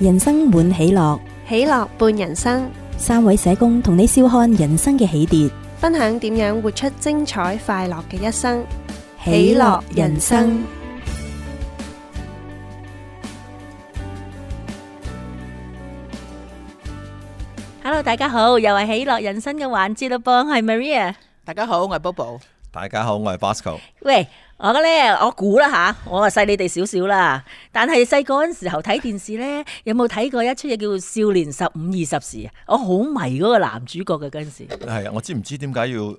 人生滿喜樂，喜樂伴人生。三位社工同你笑看人生嘅起跌，分享點樣活出精彩快樂嘅一生。喜樂人生。Hello，大家好，又係喜樂人生嘅環節啦，我係 Maria。大家好，我係 Bobo。大家好，我係 Bosco。喂。我咧，我估啦吓，我啊細你哋少少啦。但係細個嗰陣時候睇電視咧，有冇睇過一出嘢叫《少年十五二十時》啊？我好迷嗰個男主角嘅嗰陣時。係啊，我知唔知點解要誒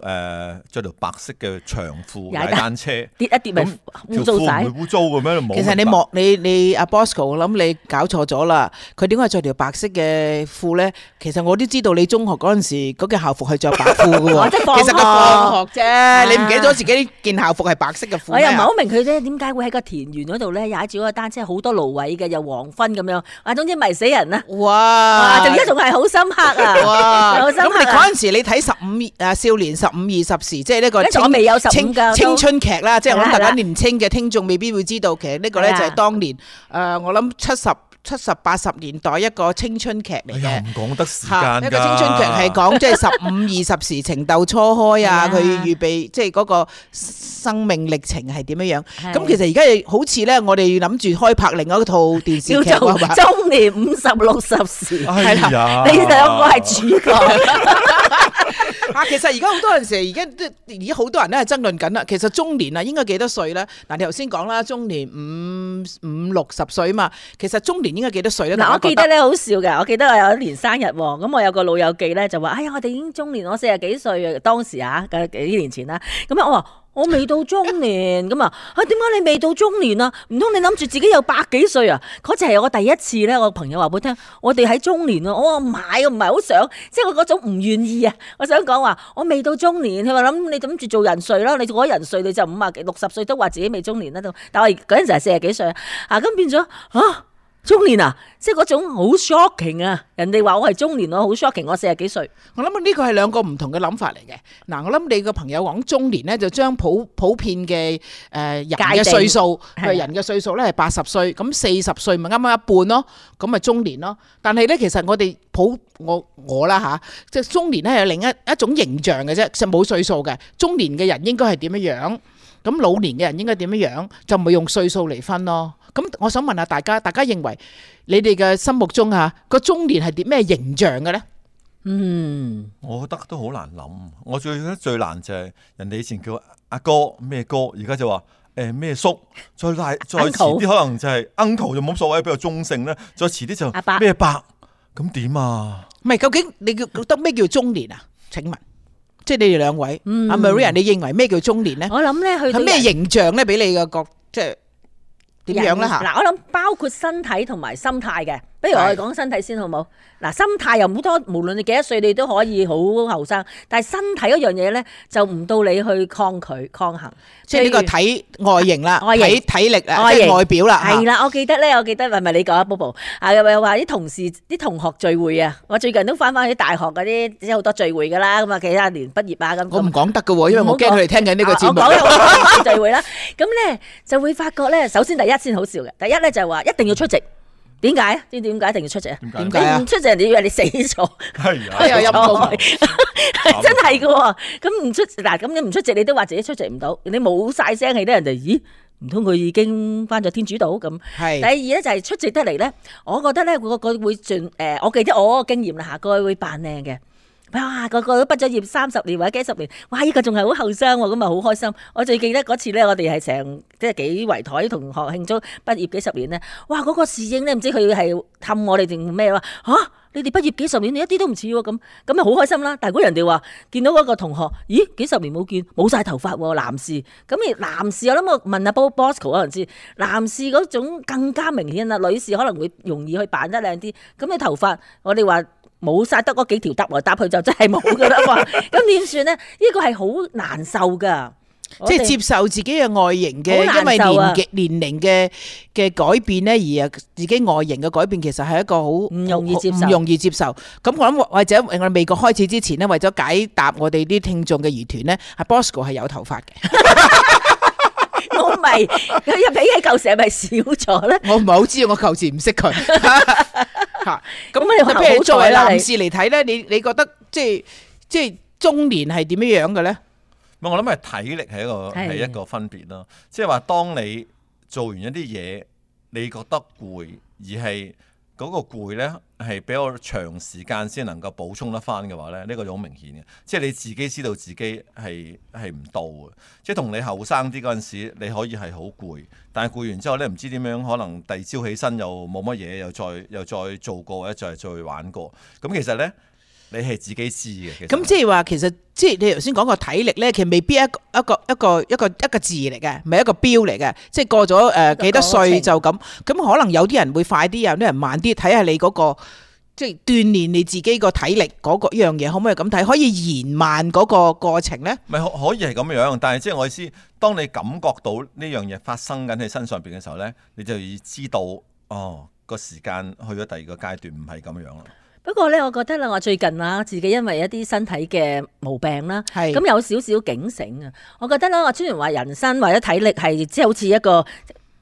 着條白色嘅長褲踩單車跌一跌咪污糟仔？其實你莫你你阿 Bosco 諗你搞錯咗啦。佢點解着條白色嘅褲咧？其實我都知道你中學嗰陣時嗰件校服係着白褲嘅。其實放學啫，你唔記得自己件校服係白色嘅褲。我又唔係好明佢咧，點解會喺個田園嗰度咧踩住嗰個單車，好多蘆葦嘅，又黃昏咁樣。啊，總之迷死人啦！哇！而家仲係好深刻啊！咁哇、啊、你嗰陣時你睇十五誒少年十五二十時，即係呢個青我未有十青，青春劇啦，即係我諗大家年青嘅聽眾未必會知道，的其實呢個咧就係當年誒的、呃、我諗七十。七十八十年代一個青春劇嚟嘅，唔講得時間㗎。一個青春劇係講即係十五二十時情竇初開啊，佢 預備即係嗰個生命歷程係點樣樣。咁 其實而家好似呢，我哋諗住開拍另一套電視劇啊嘛，做中年五十六十時係啦， 你兩個係主角。 啊， 其實而家好多人時，而家都而家好多人咧爭論緊啦。其實中年啊，應該幾多歲咧？嗱，你頭先講啦，中年五五六十歲嘛。其實中年應該幾多歲咧？嗱，我記得咧好笑嘅，我記得我有一年生日，咁我有個老友記咧就話：哎呀，我哋已經中年，我四十幾歲啊！當時啊，嘅幾年前啦，咁樣我話。我未到中年咁啊！啊，點解你未到中年啊？唔通你諗住自己有百幾歲啊？嗰次係我第一次咧，我朋友話俾我聽，我哋喺中年啊！哦、我話買唔係好想，即係嗰種唔願意啊！我想講話，我未到中年，佢話諗你諗住做人瑞咯，你做人瑞你就五十幾、六十歲都話自己未中年喺度，但係我嗰陣就係四十幾歲啊！咁變咗嚇。啊中年啊，即係嗰種好 shocking 啊！人哋話我係中年咯，好 shocking，我四十幾歲。我諗呢個係兩個唔同嘅諗法嚟嘅。嗱，我諗你個朋友講中年咧，就將普普遍嘅誒人嘅歲數，人嘅歲數咧係八十歲，咁四十歲咪啱啱一半咯，咁咪中年咯。但係咧，其實我哋普我我啦吓，即係中年咧係另一一種形象嘅啫，就冇歲數嘅。中年嘅人應該係點樣樣？咁老年嘅人應該點樣樣？就唔係用歲數嚟分咯。咁我想問下大家，大家認為你哋嘅心目中吓個中年係啲咩形象嘅咧？嗯，我覺得都好難諗。我最最難就係人哋以前叫阿哥咩哥，而家就話誒咩叔。再大再遲啲，可能就係 uncle 就冇乜所謂，比較中性咧。再遲啲就阿伯咩伯，咁點啊？唔係，究竟你覺得咩叫中年啊？請問，即係你哋兩位阿 Maria，你認為咩叫中年咧？我諗咧，佢咩形象咧，俾你嘅覺即係。點樣咧？嗱，我諗包括身體同埋心態嘅。不如我哋講身體先好冇？嗱，心態又唔好多，無論你幾多歲，你都可以好後生。但係身體嗰樣嘢咧，就唔到你去抗拒抗衡。即係呢個體外形啦，體體力啊，即係外表啦。係啦，我記得咧，我記得係咪你講啊，Bobo？啊，又話啲同事、啲同學聚會啊，我最近都翻翻去啲大學嗰啲，即係好多聚會噶啦。咁啊，幾廿年畢業啊，咁我唔講得噶，因為我驚佢哋聽緊呢個節目聚會啦。咁咧就會發覺咧，首先第一先好笑嘅。第一咧就係、是、話一定要出席，點解？知唔知點解一定要出席啊？唔出席人哋以為你死咗，哎、呀 真係嘅喎。咁唔、嗯 嗯、出席嗱，咁你唔出席你都話自己出席唔到，你冇晒聲氣啲人就咦？唔通佢已經翻咗天主島咁？係。是第二咧就係、是、出席得嚟咧，我覺得咧個個會盡誒、呃，我記得我個經驗啦嚇，個會扮靚嘅。哇！個個都畢咗業三十年或者幾十年，哇！依個仲係好後生喎，咁咪好開心。我最記得嗰次咧，我哋係成即係幾圍台同學慶祝畢業幾十年咧。哇！嗰、那個侍應咧，唔知佢係氹我哋定咩話？嚇、啊！你哋畢業幾十年，你一啲都唔似喎咁，咁咪好開心啦。但係如果人哋話見到嗰個同學，咦？幾十年冇見，冇晒頭髮喎、啊，男士。咁你，男士我諗我問阿 Bosco 可能知，男士嗰種更加明顯啦。女士可能會容易去扮得靚啲。咁、那、你、個、頭髮，我哋話。冇曬得嗰幾條答來答去就真係冇噶啦嘛，咁點算咧？呢個係好難受噶，即係接受自己嘅外形嘅，因為年年齡嘅嘅改變咧，而啊自己外形嘅改變其實係一個好唔容易接受，唔容易接受。咁我諗或者我未講開始之前咧，為咗解答我哋啲聽眾嘅疑團咧，阿 Bosco 係有頭髮嘅，我唔係佢一比起舊時係咪少咗咧？我唔係好知，我舊時唔識佢。吓咁，特別係作為男士嚟睇咧，你你覺得即係即係中年係點樣樣嘅咧？唔，我諗係體力係一個係一個分別咯。的即係話，當你做完一啲嘢，你覺得攰，而係嗰個攰咧。係比較長時間先能夠補充得翻嘅話呢，呢個就好明顯嘅，即係你自己知道自己係係唔到嘅，即係同你後生啲嗰陣時，你可以係好攰，但係攰完之後呢，唔知點樣，可能第二朝起身又冇乜嘢，又再又再做過，或者再再玩過，咁其實呢。你係自己知嘅，咁即係話其實即係你頭先講個體力呢，其實未必一個一個一個一個一個字嚟嘅，唔係一個標嚟嘅，即係過咗誒、呃、幾多歲就咁，咁可能有啲人會快啲，有啲人慢啲，睇下你嗰、嗰個即係鍛鍊你自己個體力嗰個一樣嘢可唔可以咁睇，可以延慢嗰個過程呢？唔係可以係咁樣，但係即係我意思，當你感覺到呢樣嘢發生緊喺你身上邊嘅時候呢，你就要知道哦個時間去咗第二個階段唔係咁樣啦。不過咧，我覺得啦，我最近啊，自己因為一啲身體嘅毛病啦，咁係有少少警醒啊。我覺得咧，我雖然話人生或者體力係即係好似一個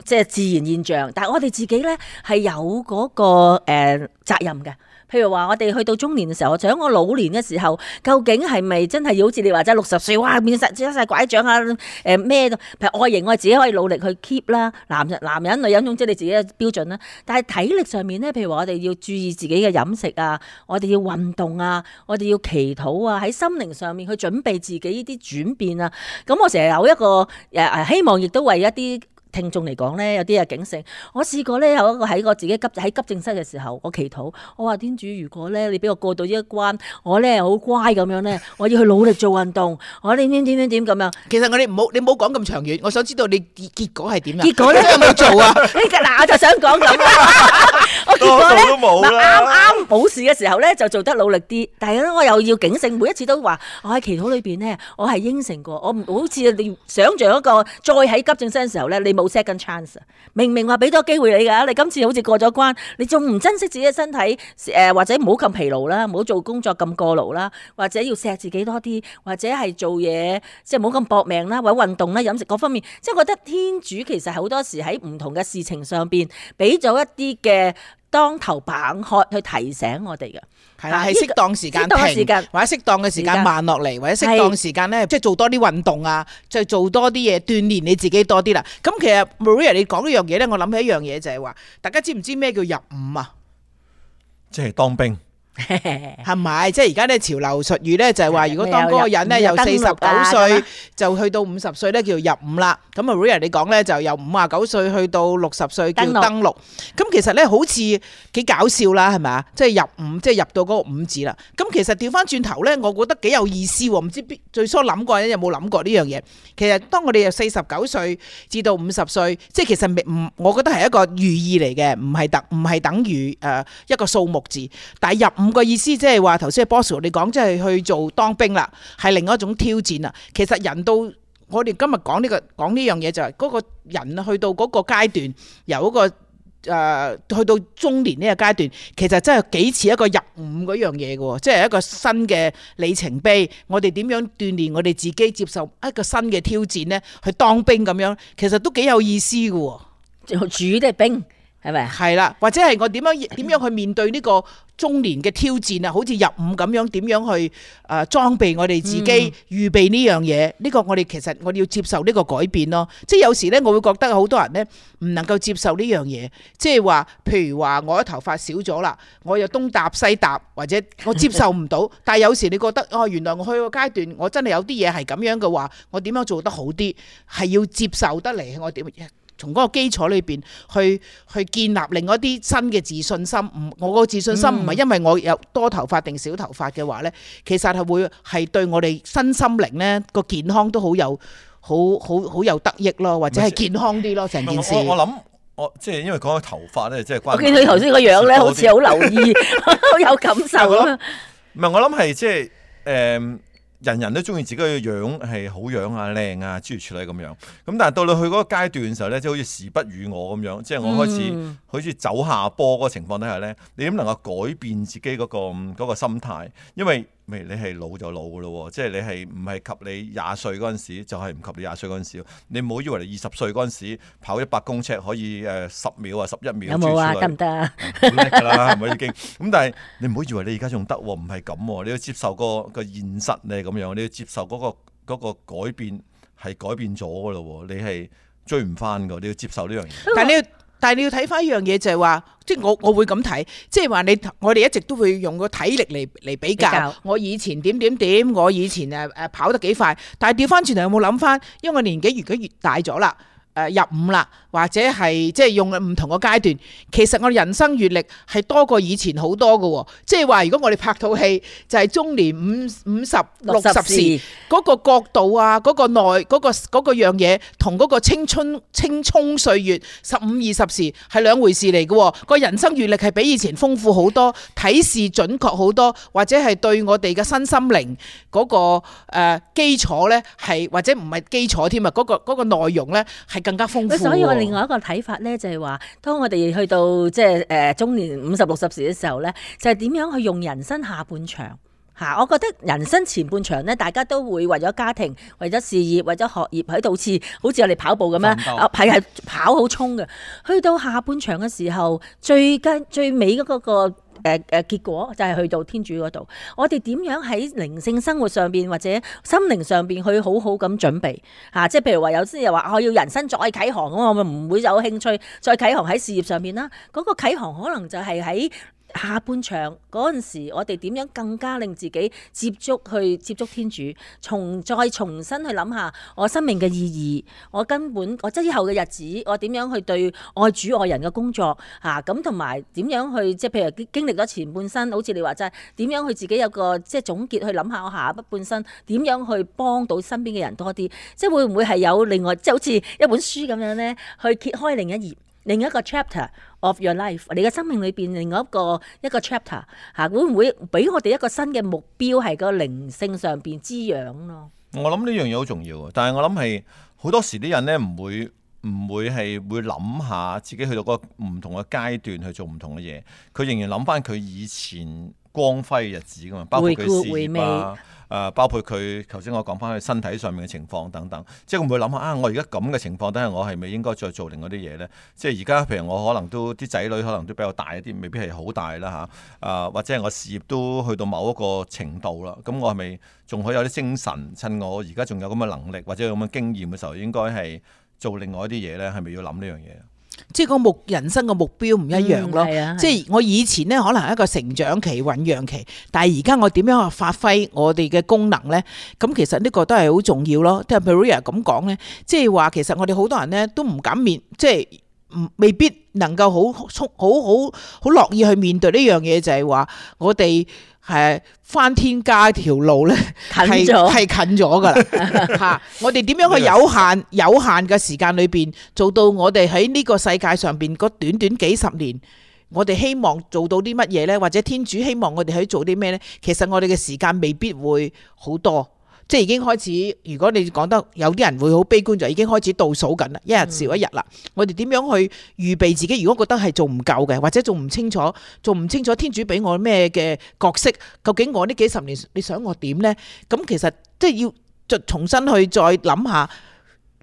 即係自然現象，但係我哋自己咧係有嗰個誒責任嘅。譬如話，我哋去到中年嘅時候，我想我老年嘅時候，究竟係咪真係要好似你話齋六十歲，哇變曬攢曬拐杖啊？誒咩、啊？譬、呃、如外形，我自己可以努力去 keep 啦。男男男人女人總即你自己嘅標準啦。但係體力上面咧，譬如話我哋要注意自己嘅飲食啊，我哋要運動啊，我哋要祈禱啊，喺心靈上面去準備自己呢啲轉變啊。咁我成日有一個誒誒、呃，希望亦都為一啲聽眾嚟講咧，有啲啊警醒。我試過咧，有一個喺我自己急喺急症室嘅時候，我祈禱，我話天主，如果咧你俾我過到呢一關，我咧好乖咁樣咧，我要去努力做運動，我點點點點點咁樣。其實我哋唔好，你唔好講咁長遠。我想知道你結結果係點樣？結果咧有冇做啊？嗱，我就想講咁啦。我結果咧，啱啱冇事嘅時候咧，就做得努力啲。但係咧，我又要警醒，每一次都話我喺祈禱裏邊咧，我係應承過，我唔好似你想像一個再喺急症室嘅時候咧，你冇。冇 second chance，明明話俾多機會你噶你今次好似過咗關，你仲唔珍惜自己嘅身體？誒、呃，或者唔好咁疲勞啦，唔好做工作咁過勞啦，或者要錫自己多啲，或者係做嘢即係唔好咁搏命啦，或者運動啦、飲食各方面，即係覺得天主其實好多時喺唔同嘅事情上邊俾咗一啲嘅。當頭棒喝去提醒我哋嘅，係啊，係適當時間停，或者適當嘅時間慢落嚟，或者適當時間咧，即係做多啲運動啊，就做多啲嘢鍛煉你自己多啲啦。咁其實 Maria 你講呢樣嘢咧，我諗起一樣嘢就係話，大家知唔知咩叫入伍啊？即係當兵。係咪？即係而家咧，潮流術語咧，就係話如果當嗰個人咧由四十九歲就去 到五十歲咧叫入伍啦。咁啊，William 你講咧就由五啊九歲去到六十歲叫登陸。咁其實咧好似幾搞笑啦，係咪啊？即係入伍，即係入到嗰個五字啦。咁其實調翻轉頭咧，我覺得幾有意思。唔知最初諗過咧，有冇諗過呢樣嘢？其實當我哋由四十九歲至到五十歲，即係其實唔，我覺得係一個寓意嚟嘅，唔係等唔係等於誒一個數目字，但係入。五個意思，即係話頭先阿 Bosco 你講，即係去做當兵啦，係另一種挑戰啦。其實人到我哋今日講呢個講呢樣嘢，就係、是、嗰、那個人去到嗰個階段，由一個誒、呃、去到中年呢個階段，其實真係幾似一個入伍嗰樣嘢嘅，即係一個新嘅里程碑。我哋點樣鍛煉我哋自己，接受一個新嘅挑戰呢？去當兵咁樣，其實都幾有意思嘅。就主嘅兵。係咪？係啦，或者係我點樣點樣去面對呢個中年嘅挑戰啊？好似入伍咁樣，點樣去誒、呃、裝備我哋自己，預備呢樣嘢？呢、嗯、個我哋其實我要接受呢個改變咯。即係有時呢，我會覺得好多人呢唔能夠接受呢樣嘢。即係話，譬如話我嘅頭髮少咗啦，我又東搭西搭，或者我接受唔到。 但係有時你覺得哦，原來我去個階段，我真係有啲嘢係咁樣嘅話，我點樣做得好啲？係要接受得嚟，我點？.從嗰個基礎裏邊去去建立另一啲新嘅自信心，唔，我個自信心唔係因為我有多頭髮定少頭髮嘅話呢，其實係會係對我哋身心靈呢個健康都好有好好有得益咯，或者係健康啲咯，成件事我。我諗我即係因為講起頭髮呢，即係關於我見你頭先個樣呢，好似好留意， 好有感受啊！唔係 我諗係即係誒。人人都中意自己嘅樣係好樣啊，靚啊，諸如此類咁樣。咁但係到你去嗰個階段嘅時候咧，即係好似時不與我咁樣，即係我開始、嗯、好似走下坡嗰個情況底下咧，你點能夠改變自己嗰個嗰個心態？因為你係老就老咯喎，即係你係唔係及你廿歲嗰陣時就係、是、唔及你廿歲嗰陣時。你唔好以為你二十歲嗰陣時跑一百公尺可以誒十秒啊，十一秒。秒有冇啊，得唔得啊？梗係啦，係咪已經？咁、嗯、 但係你唔好以為你而家仲得喎，唔係咁喎，你要接受個個現實咧咁樣，你要接受嗰個嗰個改變係改變咗噶咯喎，你係追唔翻噶，你要接受呢樣嘢。那個 但係你要睇翻一樣嘢就係話，即係我我會咁睇，即係話你我哋一直都會用個體力嚟嚟比較。我以前點點點，我以前誒誒跑得幾快。但係調翻轉頭有冇諗翻？因為年紀如果越大咗啦。誒，入伍啦，或者係即係用唔同嘅階段，其實我人生閱歷係多過以前好多嘅，即係話，如果我哋拍套戲就係、是、中年五五十六十時，嗰個角度啊，嗰、那個內嗰、那個嗰、那個樣嘢，同、那、嗰、個、個青春青蔥歲月十五二十時係兩回事嚟嘅，個人生閱歷係比以前豐富好多，睇事準確好多，或者係對我哋嘅身心靈嗰、那個誒、呃、基礎咧，係或者唔係基礎添啊？嗰、那個嗰、那個那個那個內容咧係。更加豐富。所以我另外一個睇法咧，就係話，當我哋去到即係誒中年五十六十時嘅時候咧，就係點樣去用人生下半場嚇？我覺得人生前半場咧，大家都會為咗家庭、為咗事業、為咗學業喺度似好似我哋跑步咁樣，係係跑好衝嘅。去到下半場嘅時候，最近最尾嗰個。誒誒，結果就係、是、去到天主嗰度。我哋點樣喺靈性生活上邊或者心靈上邊去好好咁準備吓？即、啊、係譬如話，有啲又話我要人生再啓航，咁我咪唔會有興趣再啓航喺事業上面啦。嗰、那個啓航可能就係喺。下半場嗰陣時，我哋點樣更加令自己接觸去接觸天主，重再重新去諗下我生命嘅意義，我根本我即係以後嘅日子，我點樣去對愛主愛人嘅工作吓咁，同埋點樣去即係譬如經歷咗前半生，好似你話齋，點樣去自己有個即係總結去諗下我下半生點樣去幫到身邊嘅人多啲，即係會唔會係有另外即係好似一本書咁樣咧，去揭開另一頁？另一個 chapter of your life，你嘅生命裏邊另一個一個 chapter 嚇，會唔會俾我哋一個新嘅目標，係個靈性上邊滋養咯？我諗呢樣嘢好重要，但係我諗係好多時啲人呢，唔會唔會係會諗下自己去到個唔同嘅階段去做唔同嘅嘢，佢仍然諗翻佢以前光輝嘅日子噶嘛，包括佢事業誒包括佢，頭先我講翻佢身體上面嘅情況等等，即係會唔會諗下啊？我而家咁嘅情況，等下我係咪應該再做另外啲嘢咧？即係而家，譬如我可能都啲仔女可能都比較大一啲，未必係好大啦嚇。誒、啊、或者係我事業都去到某一個程度啦，咁我係咪仲可以有啲精神，趁我而家仲有咁嘅能力或者有咁嘅經驗嘅時候，應該係做另外一啲嘢咧？係咪要諗呢樣嘢？即係個目人生嘅目標唔一樣咯，嗯啊啊、即係我以前咧可能係一個成長期、醞釀期，但係而家我點樣去發揮我哋嘅功能咧？咁其實呢個都係好重要咯。即係 Maria 咁講咧，即係話其實我哋好多人咧都唔敢面，即係。未必能夠好好好好樂意去面對呢樣嘢，就係話我哋係返天家條路呢，係係近咗㗎喇吓。我哋點樣去有限有限嘅時間裏邊，做到我哋喺呢個世界上邊嗰短短幾十年，我哋希望做到啲乜嘢呢？或者天主希望我哋去做啲咩呢？其實我哋嘅時間未必會好多。即係已經開始。如果你講得有啲人會好悲觀，就已經開始倒數緊啦，一日少一日啦。我哋點樣去預備自己？如果覺得係做唔夠嘅，或者做唔清楚，做唔清楚天主俾我咩嘅角色？究竟我呢幾十年你想我點呢？咁其實即係要就重新去再諗下，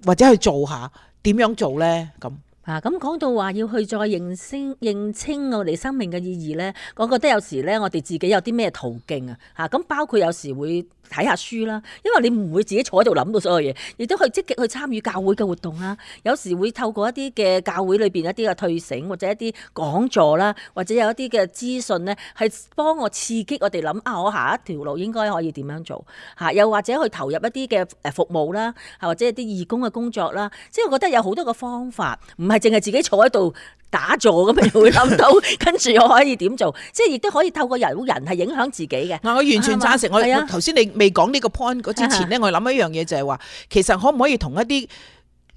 或者去做下點樣做呢？咁啊，咁講到話要去再認清認清我哋生命嘅意義呢，我覺得有時呢，我哋自己有啲咩途徑啊？嚇，咁包括有時會。睇下書啦，因為你唔會自己坐喺度諗到所有嘢，亦都去積極去參與教會嘅活動啦。有時會透過一啲嘅教會裏邊一啲嘅退省或者一啲講座啦，或者有一啲嘅資訊咧，係幫我刺激我哋諗啊，我下一條路應該可以點樣做吓？又或者去投入一啲嘅誒服務啦，或者一啲義工嘅工作啦。即係我覺得有好多個方法，唔係淨係自己坐喺度。打坐咁，你會諗到跟住我可以點做？即係亦都可以透過人，人係影響自己嘅。嗱，我完全贊成。我頭先你未講呢個 point 嗰之前咧，我諗一樣嘢就係話，其實可唔可以同一啲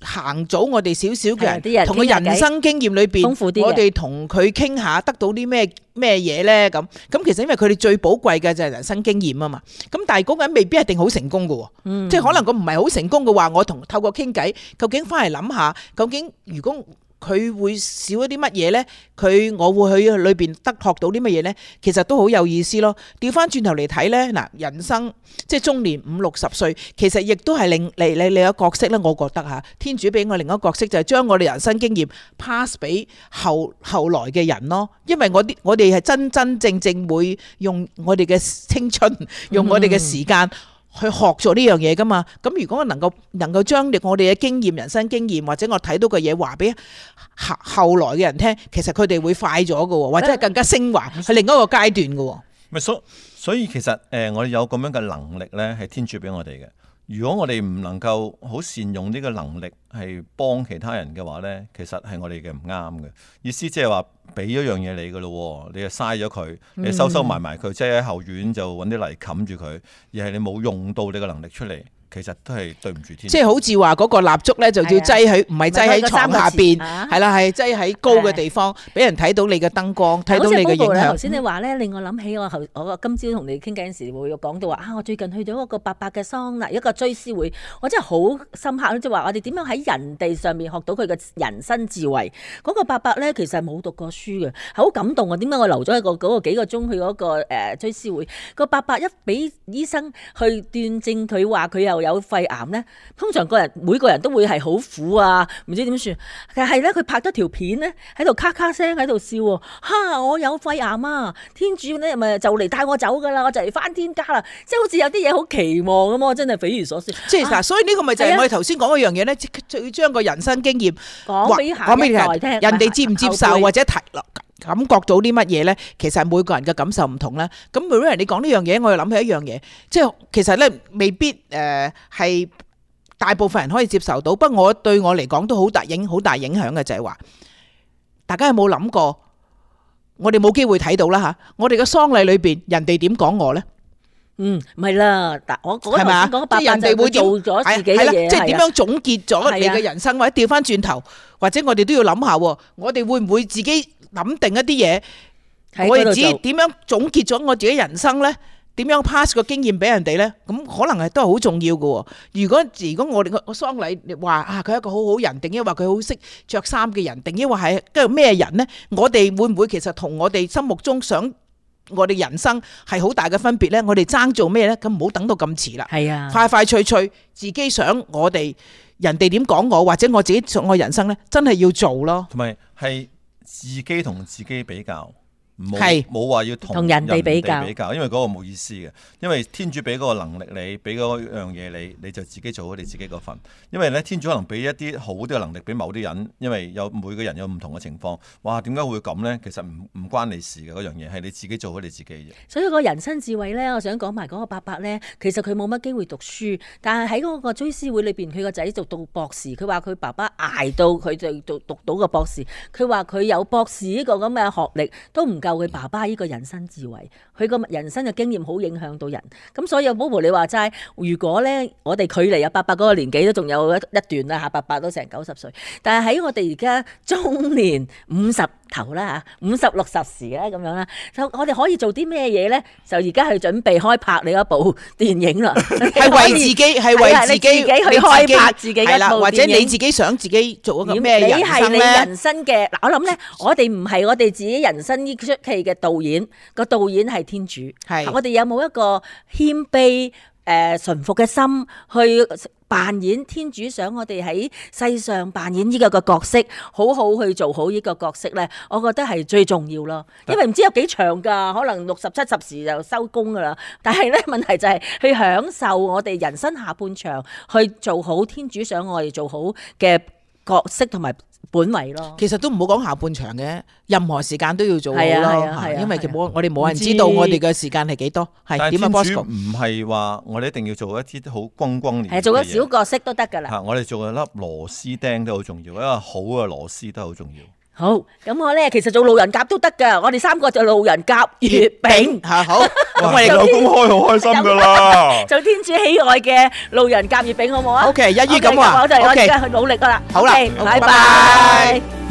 行早我哋少少嘅人，同佢人生經驗裏邊，我哋同佢傾下，得到啲咩咩嘢咧？咁咁其實因為佢哋最寶貴嘅就係人生經驗啊嘛。咁但係嗰個人未必一定好成功嘅喎，即係可能佢唔係好成功嘅話，我同透過傾偈，究竟翻嚟諗下，究竟如果？佢會少一啲乜嘢呢？佢我會去裏邊得學到啲乜嘢呢？其實都好有意思咯。調翻轉頭嚟睇呢，嗱，人生即係中年五六十歲，其實亦都係另你你你嘅角色咧。我覺得嚇天主俾我另一個角色就係、是、將我哋人生經驗 pass 俾後後來嘅人咯，因為我啲我哋係真真正正會用我哋嘅青春，用我哋嘅時間。嗯去學咗呢樣嘢噶嘛？咁如果我能夠能夠將我哋嘅經驗、人生經驗，或者我睇到嘅嘢話俾後後來嘅人聽，其實佢哋會快咗嘅，或者係更加升華，係另一個階段嘅。咪所以所以其實誒，我哋有咁樣嘅能力呢，係天主俾我哋嘅。如果我哋唔能夠好善用呢個能力係幫其他人嘅話咧，其實係我哋嘅唔啱嘅意思，即係話俾咗樣嘢你噶咯，你就嘥咗佢，你收收埋埋佢，嗯、即係喺後院就揾啲泥冚住佢，而係你冇用到你嘅能力出嚟。其實都係對唔住天，即係好似話嗰個蠟燭咧，就要擠喺唔係擠喺床下邊，係啦、啊，係擠喺高嘅地方，俾、啊、人睇到你嘅燈光。睇、啊、到你嘅影響啦。頭先、嗯、你話咧，令我諗起我後我今朝同你傾偈嗰陣時，會講到話啊，我最近去咗一個伯伯嘅喪禮，一個追思會，我真係好深刻，即係話我哋點樣喺人哋上面學到佢嘅人生智慧。嗰、那個伯伯咧，其實冇讀過書嘅，好感動啊！點解我留咗一個嗰個幾個鐘去嗰個追思會？那個伯伯一俾醫生去斷症，佢話佢又～有肺癌咧，通常個人每個人都會係好苦啊，唔知點算。但係咧，佢拍咗條片咧，喺度咔咔聲喺度笑喎、啊，我有肺癌啊！天主咧，咪就嚟帶我走噶啦，我就嚟返天家啦，即係好似有啲嘢好期望咁咯，真係匪夷所思。即係嗱，所以呢個咪就係我哋頭先講嗰樣嘢咧，哎、呀最將個人生經驗講俾下一代聽，人哋接唔接受背或者提落。感覺到啲乜嘢咧？其實係每個人嘅感受唔同啦。咁每個人你講呢樣嘢，我又諗起一樣嘢，即係其實咧未必誒係大部分人可以接受到，不過我對我嚟講都好大影好大影響嘅就係話，大家有冇諗過？我哋冇機會睇到啦嚇，我哋嘅喪禮裏邊人哋點講我咧？嗯，唔係啦，但係我覺得點講，即係人哋會做咗自己嘢，即係點樣總結咗你嘅人生，或者掉翻轉頭，或者我哋都要諗下喎，我哋會唔會自己？諗定一啲嘢，我哋只點樣總結咗我自己人生呢？點樣 pass 個經驗俾人哋呢？咁可能係都係好重要㗎喎。如果如果我哋個喪禮話啊，佢係一個好好人，定抑或佢好識着衫嘅人，定抑或係跟住咩人呢？我哋會唔會其實同我哋心目中想我哋人生係好大嘅分別呢？我哋爭做咩呢？咁唔好等到咁遲啦，係啊，快快脆脆，自己想我哋，人哋點講我，或者我自己想我人生呢，真係要做咯。同埋係。自己同自己比較。冇話要同人哋比較，因為嗰個冇意思嘅。因為天主俾嗰個能力你，俾嗰樣嘢你，你就自己做好你自己嗰份。因為咧，天主可能俾一啲好啲嘅能力俾某啲人，因為有每個人有唔同嘅情況。哇，點解會咁呢？其實唔唔關你事嘅嗰樣嘢，係你自己做好你自己嘅。所以個人生智慧呢，我想講埋嗰個伯伯呢。其實佢冇乜機會讀書，但係喺嗰個追思會裏邊，佢個仔讀到博士。佢話佢爸爸捱到佢就讀到個博士。佢話佢有博士呢個咁嘅學歷都唔夠。佢爸爸呢個人生智慧，佢個人生嘅經驗好影響到人。咁所以，寶婆你話齋，如果咧我哋距離阿伯伯嗰個年紀都仲有一一段啦，嚇，伯伯都成九十歲，但係喺我哋而家中年五十。頭啦嚇，五十六十時咧咁樣啦，就我哋可以做啲咩嘢咧？就而家去準備開拍你一部電影啦，係為自己，係為自己去開拍自己一部電影，或者你自己想自己做一個咩人生咧？你係你人生嘅嗱，我諗咧，我哋唔係我哋自己人生呢齣戲嘅導演，個導演係天主，係我哋有冇一個謙卑誒、順服嘅心去？扮演天主想我哋喺世上扮演呢個個角色，好好去做好呢個角色咧，我覺得係最重要咯。因為唔知有幾長噶，可能六十七十時就收工噶啦。但係咧，問題就係去享受我哋人生下半場，去做好天主想我哋做好嘅角色同埋。本位咯，其實都唔好講下半場嘅，任何時間都要做咯，因為其冇我哋冇人知道我哋嘅時間係幾多，係點樣啊 b o 唔係話我哋一定要做一啲好轟轟烈烈嘅嘢，係做一小角色都得㗎啦。嚇、啊，我哋做一粒螺絲釘都好重要，因為好嘅螺絲都好重要。好，咁我咧其實做路人甲都得噶，我哋三個就路人甲月餅吓。好，咁我哋又公開好開心噶啦，做天主喜愛嘅路人甲月餅好唔好啊？O K，一於咁話，O K，去努力噶啦，好啦，拜拜。